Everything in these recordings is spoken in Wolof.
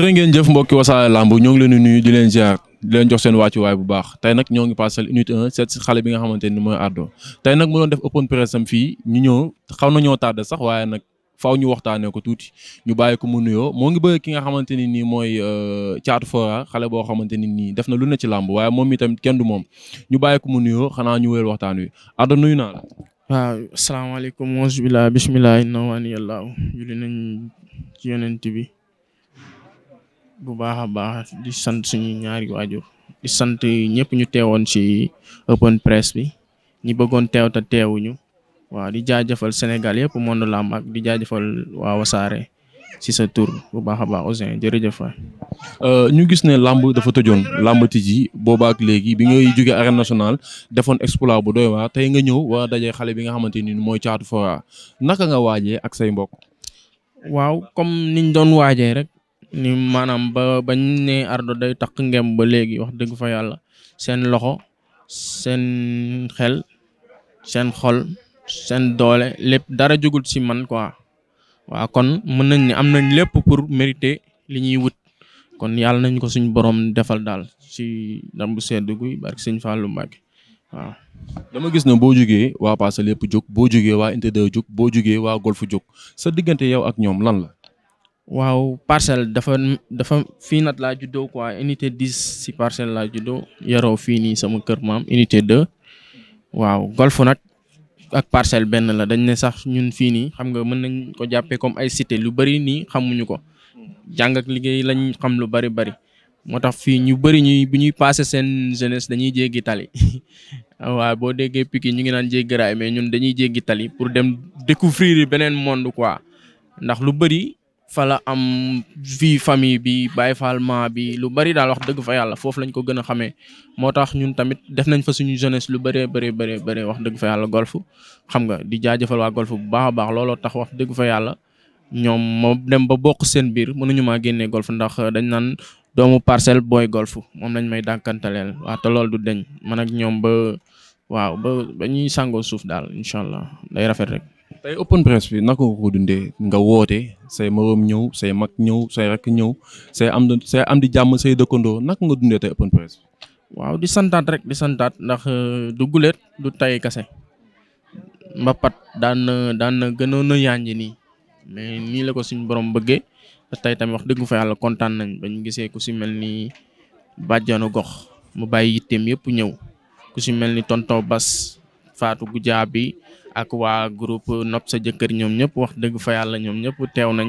jërë ngeen jëf mbokki wasaare lamb ñoo ngi leen di nuyu di leen ziar di leen jox seen wàccuwaay bu baax tey nag ñoo ngi parcelle unité 1 seet xale bi nga xamante ni mooy Ardo tey nag mu doon def open press am fii ñu ñëw xaw nañoo tardé sax waaye nag faaw ñu waxtaanee ko tuuti ñu bàyyi ko mu nuyoo moo ngi bëgg ki nga xamante ni nii mooy euh, Thiatou Fora xale boo xamante ni nii def na lu ne ci làmb waaye moom itamit kenn du moom ñu bàyyi ko mu nuyoo xanaa ñu wéyal waxtaan wi Ardo nuyu naa la. waaw asalaamaaleykum wa rahmatulah bisimilah. julli nañ ci yonent bi bu baax a baax di sant suñu ñaari waajur di sant ñëpp ñu teewoon ci open press bi ñi bëggoon teew ta teewuñu waaw di jaajëfal Sénégal yëpp monde làmb ak di jaajëfal waa wasaare ci sa tur bu baax a baax Ouzin jërëjëf waay. Euh, ñu gis ne làmb dafa tojoon làmb tijji boobaa ak léegi bi ngay jógee arène nationale defoon exploit bu doy waar tey nga ñëw waa daje xale bi nga xamante ni mooy caatu fora naka nga waajee ak say mbokk. waaw comme niñ doon waajee rek. ni maanaam ba bañ ne Ardo day takk ngem ba léegi wax dëgg fa yàlla seen loxo seen xel seen xol seen doole lépp dara jógul ci man quoi waaw kon mën nañ ne am nañ lépp pour mériter li ñuy wut kon yàlla nañ ko suñ borom defal daal ci ndam bu sedd guy barke sëñ Fallou Mbacké waaw. dama gis na boo jógee waa Passe lépp jóg boo jógee waa Inter jóg boo jógee waa Golf jóg sa diggante yow ak ñoom lan la. waaw parcelle dafa dafa fii nag laa juddoo quoi unité dix si parcelle laa juddoo yaroo fii nii sama kër maam unité deux waaw golf nag ak parcelle benn la dañ ne sax ñun fii nii xam nga mën nañ ko jàppee comme ay cité lu bari nii xamuñu ko jàng ak liggéey lañ xam lu bari bari moo tax fii ñu bëri ñuy bu ñuy passé seen jeunesse dañuy jéggi tali waaw boo déggee Pikine ñu ngi naan jéggi mais ñun dañuy jéggi tali pour dem découvrir beneen monde quoi ndax lu bëri fala am vie famille bi bàyyi faal bi lu bari daal wax dëgg fa yàlla foofu lañ ko gën a xamee moo tax ñun tamit def nañ fa suñu jeunesse lu bëree bëree bëree bëree wax dëgg fa yàlla golf xam nga di jaajëfal waa golf bu baax a baax looloo tax wax dëgg fa yàlla ñoom moom dem ba bokk seen biir mën nañu maa génne golf ndax dañ naan doomu parcelle booy golf moom lañ may dànkantaleel waaw te loolu du deñ man ak ñoom ba waaw ba ba ñuy sàngoo suuf daal incha allah day rafet rek. tey open press bi naka nga ko dundee nga woote say moroom ñëw say mag ñëw say rakk ñëw say am say am di jàmm say dëkkandoo naka nga dundee tey open press bi. waaw di santaat rek di santaat ndax euh, du guleet du tay kase mbapat daan na daan na gënoon a yànji nii mais nii la ko suñ borom bëggee te tey tamit wax dëgg fa yàlla kontaan nañ ba ñu gisee ku si mel nii bàjjanu gox mu bàyyi yitteem yëpp ñëw ku si mel ni tonton Bas Fatou bi ak waa groupe nopp sa jëkkër ñoom ñëpp wax dëgg fa yàlla ñoom ñëpp teew nañ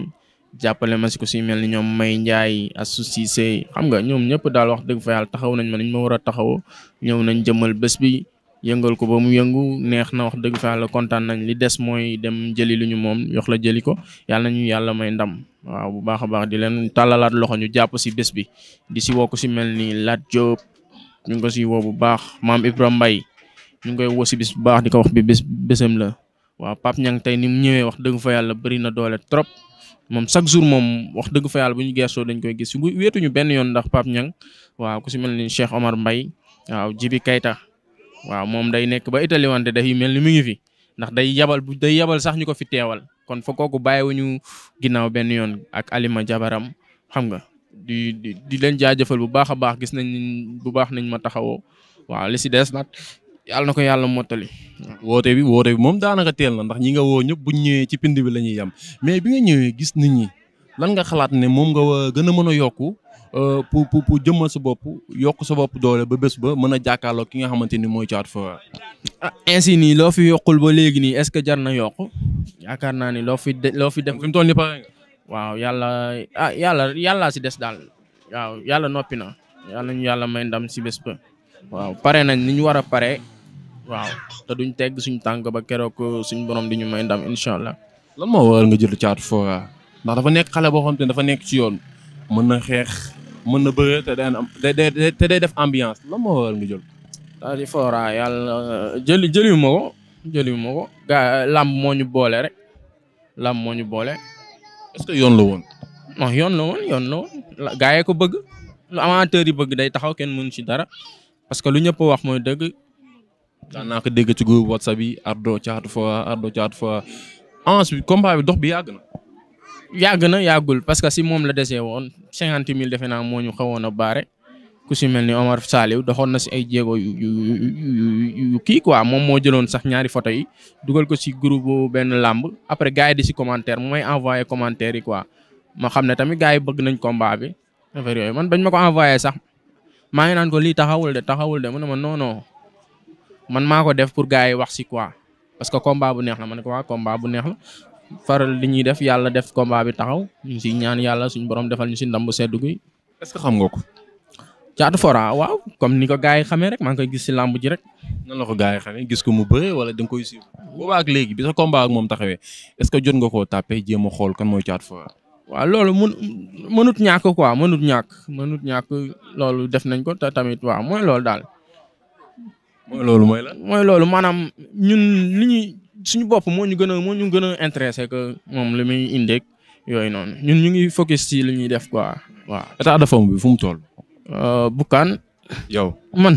jàppale ma si ko si mel ni ñoom may njaay associé xam nga ñoom ñëpp daal wax dëgg fa taxaw nañ ma nañ ma war a taxawoo ñow nañ jëmal bés bi yëngal ko ba mu yëngu neex na wax dëgg fa yàlla kontaan nañ li des mooy dem jëli lu ñu moom yox la jëli ko yàlla ñu yàlla may ndam waaw bu baax a baax di leen tàllalaat loxo ñu jàpp si bés bi di si woo si mel ni Lat Diop ñu ko ñu ngi koy bu baax di ko wax bi bés bésam la waaw Pape Niang tey ni mu ñëwee wax dëgg fa yàlla bëri na doole trop moom chaque jour moom wax dëgg fa bu ñu gersoo dañ koy gis bu wéetuñu benn yoon ndax Pape Niang waaw ku si mel ni Cheikh Omar mbay waaw Jibi Kayta waaw moom day nekk ba Italie wante day mel ni mu ngi fi ndax day yabal bu day yabal sax ñu ko fi teewal kon fa kooku ñu ginnaaw benn yoon ak Alima Jabaram xam nga di di leen jaajëfal bu baax a baax gis nañ bu baax nañ ma taxawoo yàlla na ko yàlla mottali. woote bi woote bi moom daanaka teel na ndax ñi nga woo ñëpp bu ñëwee ci pind bi lañuy ñuy mais bi ñëwee gis nit ñi lan nga xalaat ne moom nga gën a mën a yokku euh, pour pour pour jëmmal sa bopp yokk sa bopp doole ba bés ba mën a jàkkaarloo ki nga xamante ni mooy Thiatou Fora. ah ainsi nii loo fi yokkul ba léegi nii est-ce que jar na yokk yaakaar naa ni loo fi loo fi def. fi mu waaw yàlla ah yàlla yàllaa si des daal yàlla noppi na yàlla ñu yàlla may ndam si bés ba. waaw pare nañ ni ñu war a pare waaw te duñ tegg suñ tànk ba keroog suñ boroom di ñu may ndam incha allah. lan moo waral nga jël caatu fora ndax dafa nekk xale boo xam te dafa nekk ci yoon mën na xeex mën na bëre day def ambiance lan moo waral nga yàlla jëli jëliwu ma ko jëliwu ma ko làmb moo ñu boole rek làmb moo ñu boole. est que yoon la woon. non ko bëgg lu amateur yi bëgg day taxaw kenn mënu ci dara. parce que lu ñëpp wax mooy dëgg daan naa ko dégg ci groupe whatsapp yi ardo caatu fa ardo caatu fa ange bi combat bi dox bi yàgg na. yàgg na yàggul parce que si moom la desee woon cinquante mille defe naa moo ñu xawoon a baare ku si mel ni Omar Saliou doxoon na si ay jéego yu yu kii quoi moom moo jëloon sax ñaari photo yi dugal ko si groupe benn làmb après gars yi di si commentaire mooy may envoyé commentaire yi quoi ma xam ne tamit gars yi bëgg nañ combat bi man bañ ma ko envoyé sax. maa ngi naan ko lii taxawul de taxawul de mu ne ma non man maa ko def pour gars yi wax si quoi parce que combat bu neex la ma ne ko waa bu neex la faral li ñuy def yàlla def combat bi taxaw ñu si ñaan yàlla suñu borom defal ñu si ndam bu sedd gi. est-ce que xam nga ko. Caatu Fora waaw comme ni ko gars yi xamee rek maa ngi koy gis si làmb ji rek. nan la ko gars yi xamee gis ko mu bëre wala da nga koy suivre. boobaa léegi bi sa combat ak moom taxawee est-ce que jot nga koo tàppee jéem a xool kan mooy Caatu Fora. waaw loolu mun mënut ñàkk quoi mënut ñàkk mënut ñàkk loolu def nañ ko te tamit waaw mooy loolu daal. mooy loolu mooy la. mooy loolu maanaam ñun li ñuy suñu bopp moo ñu gën a moo ñu gën a intéressé que moom li muy indeeg yooyu noonu ñun ñu ngi focus ci li def quoi waaw. état de forme bi fu mu toll. Euh, Bougane. yow man.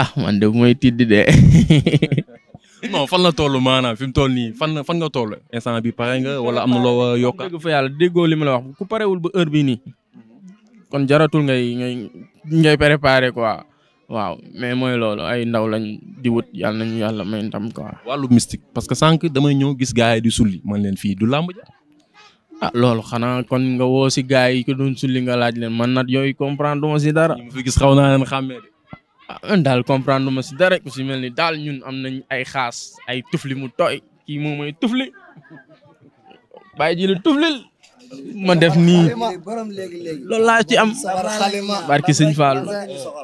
ah man de mooy tiddi de non fan la toll maanaam fi toll nii fan fan nga toll instant bi pare nga wala am na loo yokk. dégg fa la wax ku parewul ba heure bii nii kon jaratul ngay ngay ngay préparer mais mooy loolu ay ndaw lañ di wut yàlla nañu yàlla may ndam quoi. wàllu mystique parce que sànq damay ñëw gis gars yi di sulli man leen fii du la ja ah loolu xanaa kon nga woo si ko doon sulli nga laaj leen man nag yooyu comprendre duma dara. ah daal comprendre ma si dara ku si mel ni daal ñun am nañ ay xaas ay tufli mu tooy kii moom mooy tufli bàyyi ji tuflil ma def nii loolu laa ci am barki sëñ Fall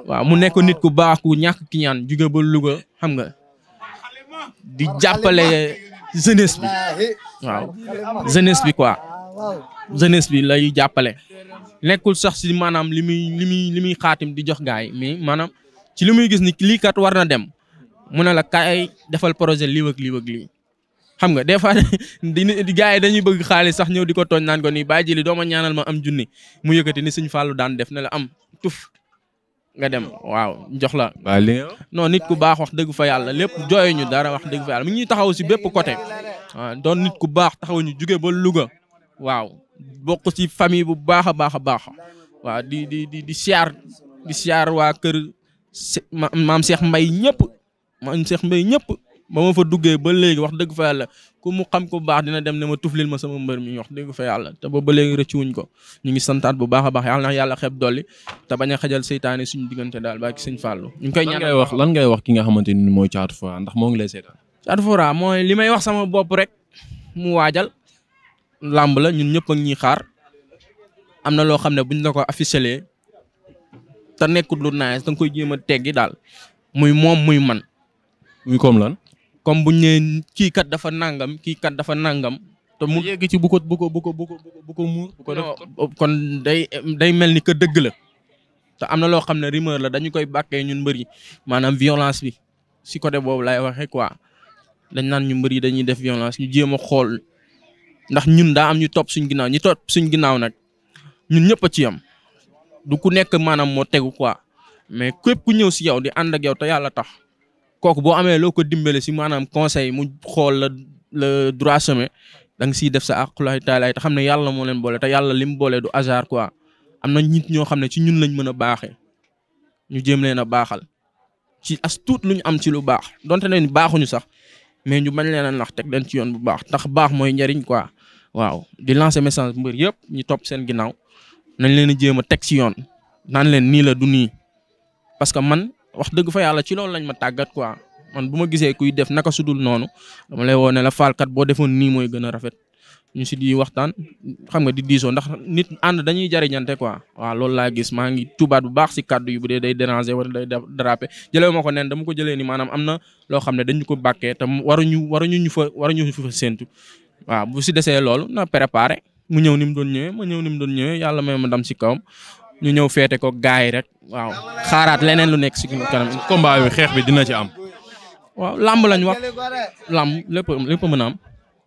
waaw mu nekk nit ku baax ku ñàkk ki ñaan jóge ba Louga xam nga di jàppale jeunesse bi waaw jeunesse bi quoi jeunesse bi lay jàppale nekkul sax si maanaam li muy li muy li muy xaatim di jox gaay mi maanaam ci li muy gis ni lii kat war na dem mu ne la kaay defal projet lii wëg lii wëg lii xam nga des fois di gars yi dañuy bëgg xaalis sax ñëw di ko tooñ naan ko nii bàyyi ji li dooma ñaanal ma am junni mu yëkkati ni suñ fàllu daan def ne la am tuf nga dem waaw jox la. waaw nit ku baax wax dëgg fa yàlla lépp jooyuñu dara wax dëgg fa yàlla mi ñuy taxaw si bépp côté waaw doon nit ku baax taxaw ñu jugee ba luga waaw bokk si famille bu baax a baax a baax waaw di di siyaar waa kër. maam Cheikh mbay ñëpp maam Cheikh Mbaye ñëpp ba ma fa duggee ba léegi wax dëgg fa yàlla ku mu xam ko baax dina dem ne ma tuflil ma sama mbër mi wax dëgg fa yàlla te ba ba léegi wuñ ko ñu ngi santaat bu baax a baax yàlla na yàlla xeeb dolli te ba a xajal seytaane suñu diggante daal ba ci sëñ Fallou. ñu ngi koy ñaan lan ngay wax ngay wax ki nga xamante ni mooy Thiatou Fora ndax moo ngi lay seetaan. Thiatou Fora mooy li may wax sama bopp rek mu waajal làmb la ñun ñëpp ak ñuy xaar am na loo xam ne buñ la ko officielé te nekkut lu nice danga koy jéem a teggi daal muy moom muy man. muy comme lan. comme buñ nee kii kat dafa nangam kii kat dafa nangam. te mu yegg ci bu ko bu ko bu ko bu ko bu ko muur. kon day day mel ni que dëgg la. te am na loo xam ne rimeur la dañu koy bàkkee ñun mbër yi maanaam violence bi si côté boobu lay waxee quoi dañ naan ñu mbër yi dañuy def violence ñu jéem a xool ndax ñun daa am ñu topp suñ ginnaaw ñu topp suñ ginnaaw nag ñun ñëpp ci am du ku nekk maanaam moo tegu quoi mais képp ku ñëw si yow di ànd ak yow te yàlla tax kooku boo amee loo ko dimbale si maanaam conseil mu xool la le droit chemin da nga siy def sa aqulahi taala te xam ne yàlla moo leen boole te yàlla lim boole du hasard quoi am na nit ñoo xam ne si ñun lañ mën a baaxee ñu jëm leen a baaxal ci as tuut lu ñu am si lu baax donte ne baaxuñu sax mais ñu bañ leen a nax teg leen ci yoon bu baax tax baax mooy njariñ quoi waaw di lancer message mbir yëpp ñu topp seen ginnaaw. nañ leen a jéem a teg si yoon naan leen nii la du nii parce que man wax dëgg fa yàlla ci loolu lañ ma tàggat quoi man bu ma gisee kuy def naka sudul noonu dama lay woo la faalkat boo defoon nii mooy gën a rafet ñu si di waxtaan xam nga di diisoo ndax nit ànd dañuy jariñante quoi waaw loolu laa gis maa ngi tubaat bu baax si kàddu yi bu dee day déranger wala day dérapé jëlee ma ko neen dama ko jëlee ni maanaam am na loo xam ne dañu ko bàkkee te waruñu waruñu ñu fa waruñu ñu fa séntu waaw bu si desee loolu na préparé mu ñëw ni mu doon ñëwee ma ñëw ni mu doon ñëwee yàlla may ma dam si kawam ñu ñëw feete ko gaay rek waaw xaaraat leneen lu nekk si kanam. combat bi xeex bi dina ci am. waaw làmb lañ wax làmb lépp lépp mën a am.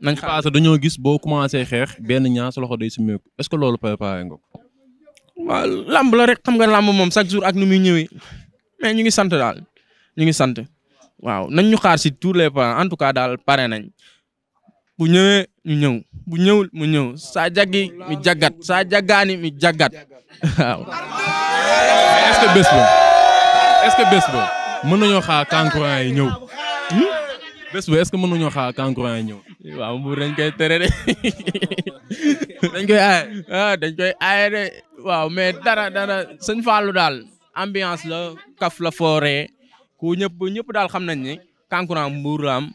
nañ xaar parce que dañoo gis boo commencé xeex benn ñaar sa loxo day sumeeku est-ce que loolu préparé nga ko. waaw làmb la rek xam nga làmb moom chaque jour ak nu muy ñëwee mais ñu ngi sant daal ñu ngi sant waaw nañ ñu xaar si tous les plans en tout cas daal pare nañ. bu ñëwee ñu bu ñëwul mu ñëw saa jaggi mi jaggat saa jaggaani mi waaw. mais est-ce que bés ba est-ce que bés mën nañoo xaar kankurang yi ñëw. Hmm? bés ba est que mën nañoo xaar kankurang yi ñëw. waaw Mbour dañ koy tere de dañ koy ah, de waaw mais dara dara sëñ daal ambiance la kaf fooree ku ñëpp ñëpp daal xam nañ ni. kankurang Mbuur la am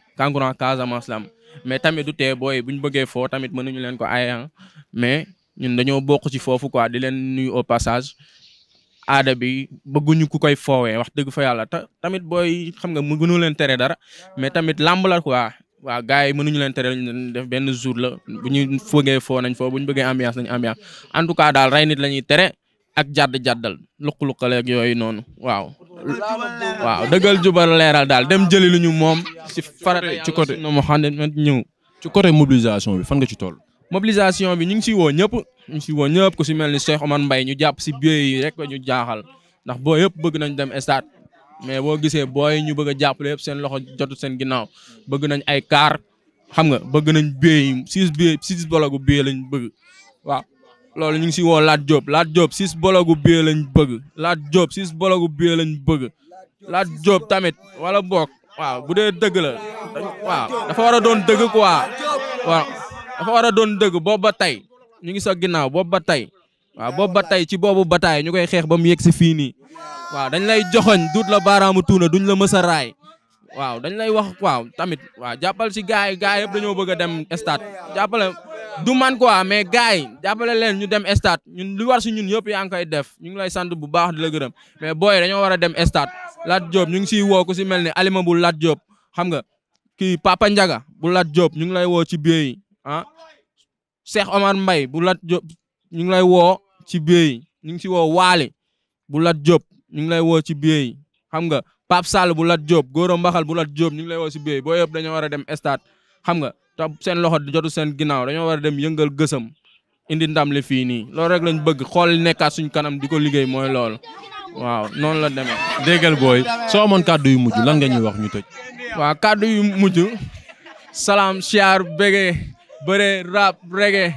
Casamance la mais tamit du te booy bu ñu bëggee foo tamit mënuñu leen ko an ah. mais ñun dañoo bokk ci foofu quoi di leen nuyu au passage aada bi bëgguñu ku koy foowee wax dëgg fa yàlla ta tamit booy xam nga mu gënu leen tere dara mais tamit làmb la quoi waaw gars yi mënuñu leen tere ñu def benn jour la bu ñu fëggee foo nañ foo bu ñu bëggee ambiance nañ ambiance en daal rey nit tere ak jàdd jàddal luq-luqaleeg yooyu noonu waaw. waaw dëggal jubal leeral daal dem jëli lu ñu moom. si farata ci côté nu mu ñëw. ci côté mobilisation bi fan nga ci toll. mobilisation bi ñu ngi siy woo ñëpp ñu ngi woo ñëpp ku si mel ni Cheikh Omar Mbaye ñu jàpp si biir rek ñu jaaxal ndax boo yëpp bëgg nañ dem stade mais boo gisee booy ñu bëgg a jàppale yëpp seen loxo jotu seen ginnaaw bëgg nañ ay kaar xam nga bëgg nañ biir yi six biir bolo bologu biir lañ bëgg waaw. loolu ñu ngi si woo Lat Diop Lat Diop six bologu bie lañ bëgg Lat Diop six bologu bie lañ bëgg Lat Diop tamit wala boog waaw bu dee dëgg la waaw dafa war a doon dëgg quoi waaw dafa war a doon dëgg boobu ba tey ñu ngi sa ginnaaw boobu ba tey waaw boobu ba tey ci boobu ba bataay ñu koy xeex ba mu yegg si fii nii waaw dañ lay joxoñ duut la baaraamu tuuna duñ la mës a raay waaw dañ lay wax waaw tamit waaw jàppal si gaay gaay yëpp dañoo bëgg a dem stade du man quoi mais gars yi jàppale leen ñu dem stade ñun lu war si ñun yëpp yaa ngi koy def ñu ngi lay sant bu baax di la gërëm mais booy dañoo war a dem stade Lat Diop ñu ngi siy woo ku si mel ne Alima bu Lat Diop xam nga kii Papa Ndiaga bu Lat Diop ñu ngi lay woo ci biir ah Cheikh Omar Mbaye bu Lat Diop ñu ngi lay woo ci biir yi ñu ngi si woo Waali bu Lat Diop ñu ngi lay woo ci biir xam nga Pape Sall bu Lat Diop Goro Mbaxal bu Lat Diop ñu ngi lay woo si biir boo yëpp dañoo war a dem stade xam nga te seen loxo di jotu seen ginnaaw dañoo war a dem yëngal gësam indi ndam li fii nii loolu rek lañ bëgg xool nekkaat suñ kanam di ko liggéey mooy loolu waaw noonu la demee. déggal booy soo amoon kàddu yu mujj lan nga ñuy wax ñu tëj. waaw kàddu yu mujj salaam siyaar bégee bëre rap reggae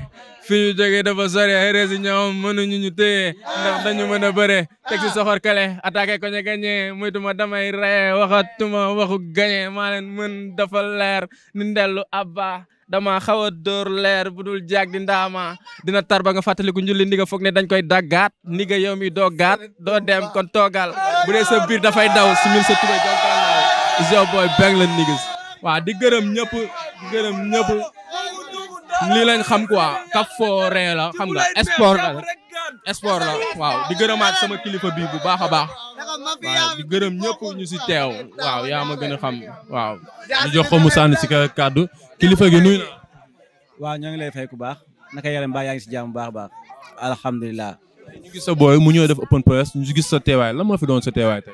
fi ñu jógee dafa sori ay réunions mënuñu ñu téye ndax dañu mën a bëre teg si soxor kale attaqué ko ñu gagné muytuma damay reye waxatuma waxu gagné maa leen mën dafa leer ni ndellu abba dama xaw a dóor leer bu dul jaag di ndaama dina tar ba nga fàttaliku njulli ndiga foog ne dañ koy daggaat ndiga yow mi doo gaat doo dem kon toogal bu dee sa biir dafay daw simil sa tubay jonkal is your boy la niggas waaw di gërëm ñëpp lii lañ xam quoi kaf xam nga sport la sport waaw di gërëmaat sama kilifa bi bu baax a baax waaw di gërëm ñëpp ñu si teew waaw yaa ma gën a xam waaw di jox ko si kàddu kilifa gi nuyu na waaw ñoo ngi lay fay ku baax naka yaram baa yaa ngi si jàmm bu baax a baax alhamdulilah sa booy mu ñëw def open press ñu gis sa teewaay lan moo fi doon sa teewaay tey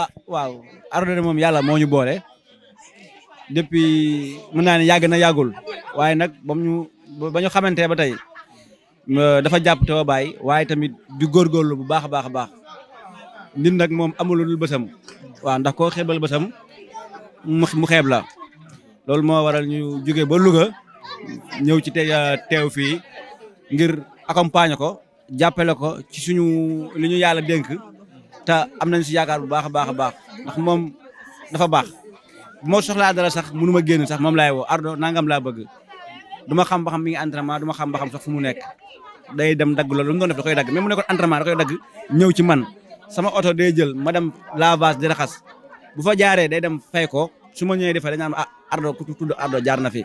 ah waaw Ardo moom yàlla moo ñu boole depuis mën naa ne yàgg na yàggul waaye nag ba ñu ba ñu xamante ba tey euh, dafa jàpp te ba waaye tamit di góorgóorlu bu baax a baax a baax nit nag moom amulul bësam waaw ndax koo xeebal bësam mu xeeb la loolu moo waral ñu jóge ba Louga ñëw ci euh, teew fii ngir accompagner ko jàppale ko ci suñu li ñu yàlla dénk te am nañ si yaakaar bu baax a baax a baax ndax moom dafa baax moo soxlaa dara sax mënu ma génn sax moom laay woo ardo nangam laa bëgg du ma xam ba xam mi ngi entraînement du ma xam ba xam sax fu mu nekk day dem dagg loolu lu mu doon def da koy dagg même mu nekkoon entraînement da koy dagg ñëw ci man sama oto day jël ma dem lavage di raxas bu fa jaaree day dem fay ko su ma ñëwee di fay dañu naan ah Ardo tudd Ardo jaar na fi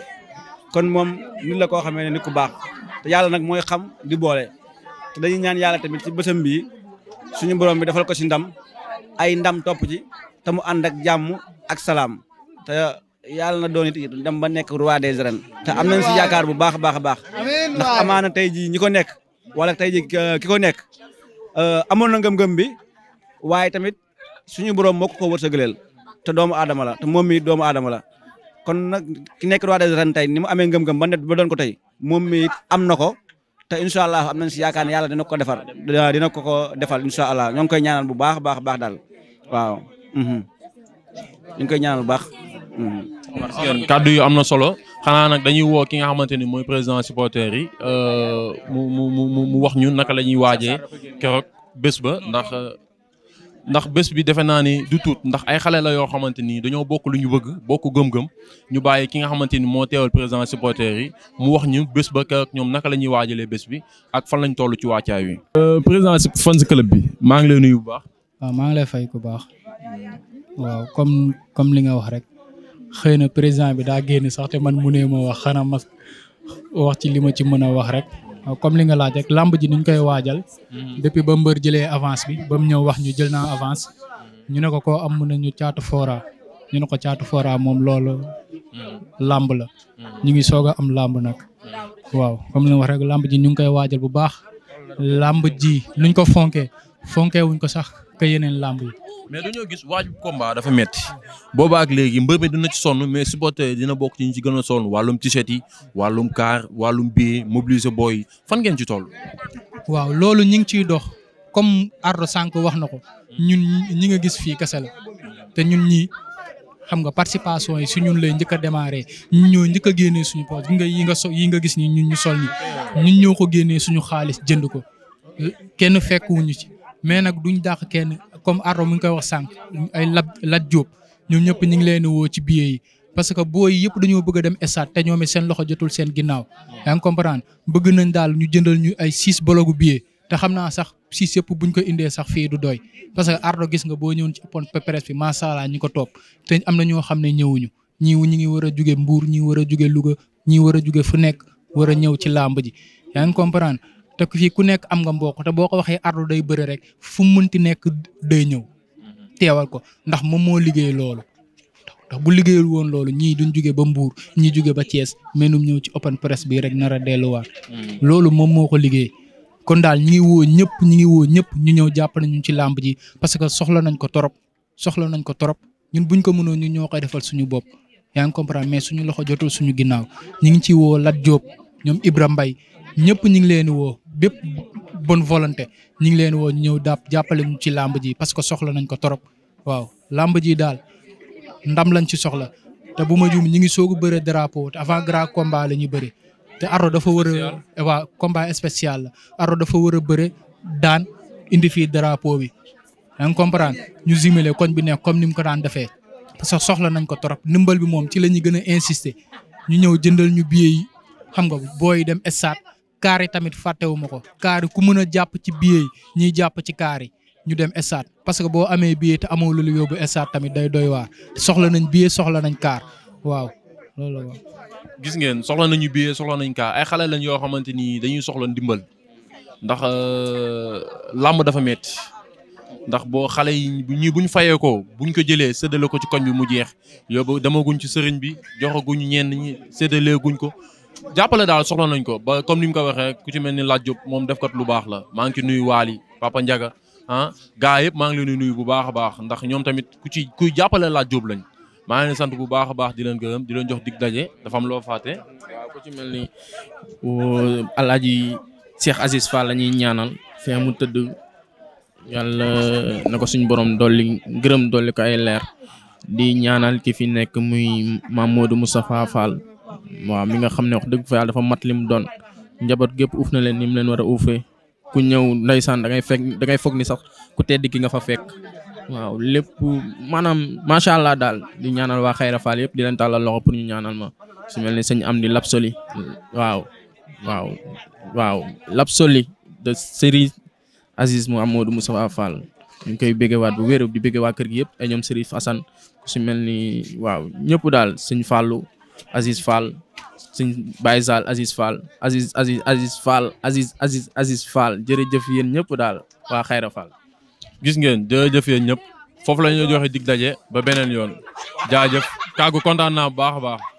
kon moom nit la koo xamee ne ku baax te yàlla nag mooy xam di boole te ñaan yàlla tamit ci bësam bii suñu borom bi defal ko si ndam ay ndam topp ci te mu ànd ak jàmm ak salaam yàlla na doon it dem ba nekk roi des arènes te am nañ si yaakaar bu baax a baax a baax ndax amaana tey jii ñi ko nekk wala tey jii euh, ki ko nekk euh, amoon na ngëm-ngëm bi waaye tamit suñu borom moo ko ko wërsëgaleel te doomu adama la te moom mii doomu adama la kon nag ki nekk roi des arènes tey ni mu amee ngëm-ngëm ba net ba doon ko tey moom mii am na ko te incha allah am nañ si yaakaar ne yàlla dina ko defar dina ko ko defal incha allah ñoo ngi koy ñaanal bu baax baax baax daal mhm. ñu ngi koy ñaanal bu baax kàddu yu am na solo xanaa nag dañuy woo ki nga xamante ni mooy président supporters yi euh, mu mu mu mu wax ñun naka la ñuy waajee keroog bés ba ndax ndax bés bi defe naa ni du ndax ay xale la yoo xamante ni dañoo bokk lu ñu bëgg bokk gëm ñu bàyyi ki nga xamante ni moo teewal président supporters yi mu wax ñu bés ba keroog ñoom naka la ñuy waajalee bés bi ak fan lañ toll ci wàccaay wi. Euh, président fans club bi maa ngi lay nuyu bu baax. maa ngi lay fay ku baax waaw comme comme li nga wax rek. xëy na président bi daa génn sax te man mu ne moo wax xanaa ma wax ci li ma ci mën a wax rek comme li nga laaj rek làmb ji niñ koy waajal. Mm-hmm. depuis ba mbër jëlee avance bi ba ñëw wax ñu jël naa avance. Mm-hmm. ñu ne ko koo am mun nañu caatu fora ñu ne ko caatu fora moom loolu. Mm-hmm. làmb la. ñu ngi soog a am làmb nag. waaw comme li wax rek làmb ji ñu ngi koy waajal bu baax. làmb ji luñ ko fonkee fonkee wuñ ko sax ka yeneen làmb yi. mais dañoo gis waajub komba dafa metti booba ak léegi mbër mi dina ci sonn mais supporter dina bokk ci ñu ci gën a sonn wàllum t-shirt yi wàllum car wàllum billet mobiliser booy fan ngeen ci tool waaw loolu ñu ngi ciy dox comme Ardo Sànq wax na ko ñun ñi nga gis fii kese te ñun ñi xam nga participation yi su ñun lay njëkk a démarré ñun ñoo njëkk a génnee suñu poos nga yi nga so yi nga gis nii ñun ñu sol nii ñun ñoo ko génnee suñu xaalis jënd ko kenn fekkuwuñu ci mais duñ dàq kenn comme Ardo mu ngi koy wax sànq ay lab Lat Diop ñoom ñëpp ñu ngi leen woo ci billet yi parce que booy yëpp dañoo bëgg a dem stade te ñoom seen loxo jotul seen ginnaaw. yaa ngi comprendre bëgg nañ daal ñu jëndal ñu ay six bologu billet te xam naa sax six yëpp buñ ko indee sax fii du doy parce que Ardo gis nga boo ñëwoon ci open press bi macha allah ñi ko topp te am na ñoo xam ne ñëwuñu ñii ñu ngi war a jugee Mbour ñii war a jugee Louga ñii war a jugee fu nekk war a ñëw ci làmb ji yaa te ku fii ku nekk am nga mbokk te boo ko waxee ardo day bëre rek fu mu mënti nekk day ñëw mhm. teewal ko ndax moom moo liggéey loolu. ndax bu liggéeyul woon loolu ñii duñ jóge ba Mbour ñii jóge ba Thiès menum ñëw ci open press bi rek nara a mhm. loolu moom moo ko liggéey. kon daal ñi ngi woo ñëpp ñi ngi woo ñëpp ñu ñëw jàpp ñu ci làmb ji parce que soxla nañ ko torop soxla nañ ko torop ñun buñ ko mënoo ñu ñoo ko defal suñu bopp yaa ngi comprendre mais suñu loxo jotul suñu ginnaaw ñi ngi ñoom Ibra Mbaye ñëpp ñu ngi leen woo bépp bon volonté ñu ngi leen woo ñëw dàpp jàppale ñu ci làmb ji parce que soxla nañ ko torop waaw làmb ji daal ndam lañ ci soxla te bu ma juum ñu ngi soog a bëre drapeau te avant grand la ñu bëre te Ardo dafa war a eh waaw combat spécial la dafa war a bëre daan indi fii drapeau bi yaa ngi ñu zimele koñ bi nekk comme ni ko daan defee parce soxla nañ ko torop ndimbal bi moom ci la ñu gën a ñu ñëw jëndal ñu billet xam nga booy dem stade kaar tamit fàttewuma ko kaar ku mën a jàpp ci billet ñuy jàpp ci kaar ñu dem stade parce que boo amee billet te amoo lu yóbbu stade tamit day doy waar soxla nañ billet soxla nañ kaar waaw gis ngeen soxla nañu billet soxla nañ kaar ay xale lañ yoo xamante ni dañuy soxla ndimbal ndax euh, làmb dafa metti ndax boo xale yi ñu buñ fayee ko buñ ko jëlee séddale ko ci koñ bi mu jeex yóbbu demaguñ ci sëriñ bi joxaguñ ñenn ñi séddaleeguñ ko jàppale daal soxla nañ ko ba comme ni mu ko waxee ku ci mel ni Lat Diop moom def kat lu baax la maa ngi ci nuyu Waly Papa Ndiaga ah gars yëpp maa ngi leen di nuyu bu baax a baax ndax ñoom tamit ku ci kuy jàppale Lat jóob lañ maa ngi leen sant bu baax a baax di leen gërëm di leen jox dig daje dafa loo faate ku ci mel ni euh, Alaaji Cheikh Aziz la ñuy ñaanal fi mu tëdd yàlla na ko suñu borom dolli gërëm dolli ay leer di ñaanal ki fi nekk muy Mamadou Moustapha Fall waaw mi nga xam ne wax dëgg fa yàlla dafa mat li mu doon njaboot gépp uuf na leen ni mu leen war a uufee ku ñëw ndeysaan da ngay fekk da ngay foog ni sax ku tedd ki nga fa fekk. waaw lépp maanaam macha allah daal di ñaanal waa Xayra faal yëpp di leen tàllal loxo pour ñu ñaanal ma su mel ne sëñ am di Lapsoli waaw waaw waaw Lapsoli de série Aziz mu Amadou Moustapha Fall ñu ngi koy béggewaat bu wér di bégge waa kër gi yëpp ay ñoom Serif Assane su mel ni waaw ñëpp daal sëñ Aziz Fall si Baye Sall Aziz Fall Aziz Aziz Aziz Fall Aziz Aziz Aziz ñëpp daal waa Xayra Fall. gis ngeen jërëjëf yéen ñëpp foofu la ñuy joxe dig daje ba beneen yoon jaajëf kàggu kontaan baax baax.